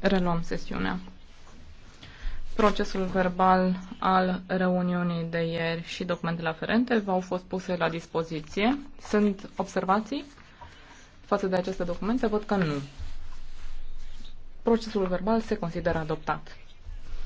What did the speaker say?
Reluăm sesiunea. Procesul verbal al reuniunii de ieri și documentele aferente v-au fost puse la dispoziție. Sunt observații față de aceste documente? Văd că nu. Procesul verbal se consideră adoptat.